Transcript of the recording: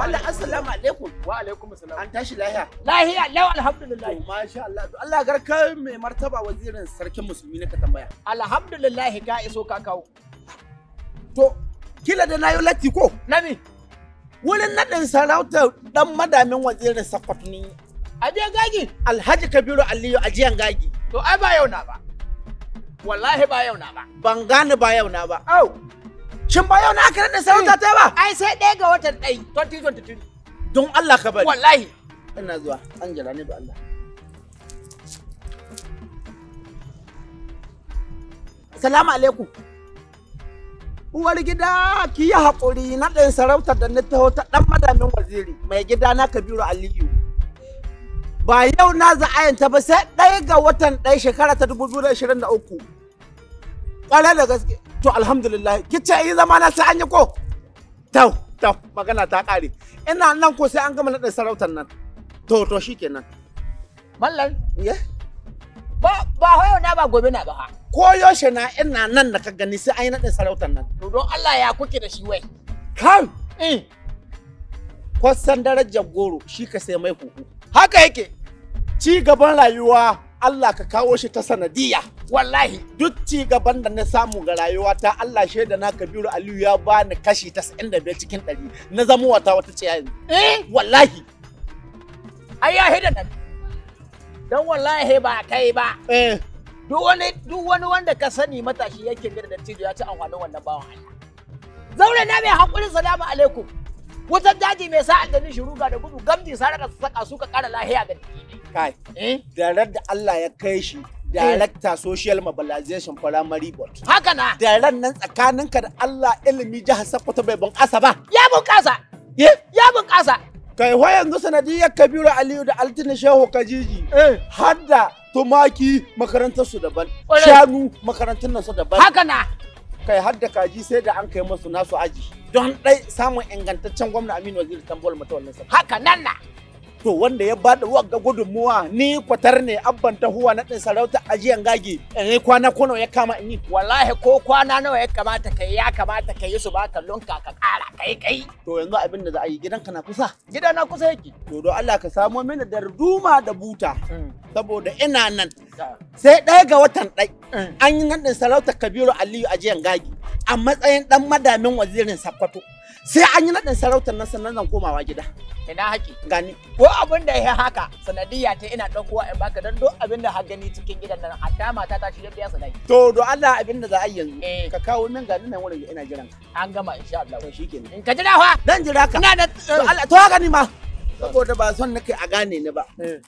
Mallam assalamu alaikum. Wa alaikum assalam. An tashi lahiya. Lahiya lau alhamdulillah. To masha Allah. To Allah garka mai martaba wazirin sarkin musulmi na ka tambaya. Alhamdulillah ka iso ka kawo. To kila da nayo latti ko? Nami. Wurin naɗin sarauta dan madamin wazirin Sakkwato ne. Ajiyan gagi. Alhaji Kabiru Aliyu ajiyar gagi. To ai ba yau na ba. Wallahi ba yau na ba. Ban gane ba yau na ba. Au. Shin ba yau na aka naɗa sarauta ta ba? Ai sai ɗaya ga watan ɗai 2023. Don Allah ka bari. Wallahi. Ina zuwa, an jira ne da Allah. Salamu alaikum. Uwar gida ki yi haƙuri na ɗan sarautar da na taho ta ɗan madamin waziri mai gida na Kabiru Aliyu. Ba yau na za'ayanta ba sai ɗaya ga watan ɗaya shekara ta 2023. Kwala da gaske. To alhamdulillah ki ce yi zama na sai an yi ko? Tau to magana ta kare Ina nan ko sai an gama naɗin sarautar nan. To to shikenan. Mallan. Ye? Ba ba hoyo na ba gobe na ba Ko yoshe na ina nan da ka gani sai an yi naɗin sarautar nan. To don Allah ya kuke da shi wai. kan Eh. Kwasan darajar goro shi ka sai mai kuku Haka yake. Ci gaban rayuwa Allah ka kawo shi ta sanadiyya. wallahi duk ci gaban da na samu ga rayuwa ta Allah da na Kabiru Aliyu ya bani kashi 95 cikin 100 na zama wata wata ciya yanzu eh wallahi ai ya hida nan dan wallahi ba kai ba eh duk wani duk wani wanda ka sani matashi yake gida da tijo ya ci amfanin wannan bawan Allah zaure na mai hakuri salamu alaikum wutar daji mai da ni shiruga da gudu gamji sarara da saka su ka kara lahiya ga jiki kai eh da Allah ya kai shi Eh. Director Social Mobilization Primary Board. Haka na. Daren nan tsakaninka da Allah ilimi jihar Sokoto bai bunƙasa ba. Ya bunƙasa. Ya Kai wa yanzu sanadiyar Kabiru Aliyu da Altini Shehu Kajiji. Eh. Har da tumaki makarantar su daban. Shanu makarantar nan su daban. Haka na. Kai har kaji sai da an kai masu nasu aji. Don ɗai samun ingantaccen gwamna Aminu Waziri Tambol Mata wannan Haka nan na. to wanda ya bada ga gudunmuwa ni kwatar ne abban tahuwa na ɗin sarauta ajiyan gagi in eh, yi kwana kuna ya kama in yi wallahi ko kwana nawa ya kamata kai ya kamata kai su ba kallon ka ka ƙara kai kai to yanzu abin da za a yi gidanka na kusa Gidan na kusa yake to don Allah ka samo mini darduma da buta mm. saboda ina nan sai ɗaya ga watan ɗai mm. an yi nan ɗin sarauta kabiru aliyu ajiyan gagi a matsayin dan madamin wazirin Sakkwato. Sai an yi naɗin sarautar nan sannan zan komawa gida. Ina haƙi. Gani. Ko abin da ya haka sanadiyya ta ina ɗaukowa in baka don duk abin da gani cikin gidan nan hatta mata ta shi yadda ya dai. To do Allah abin da za a yi yanzu. Eh. Ka kawo min gani nan wurin ina jiran An gama insha Allah. To shikenan. In ka jira fa. Dan jira ka. Ina da to haka ni ma. Saboda ba son nake a gane ni ba. Eh.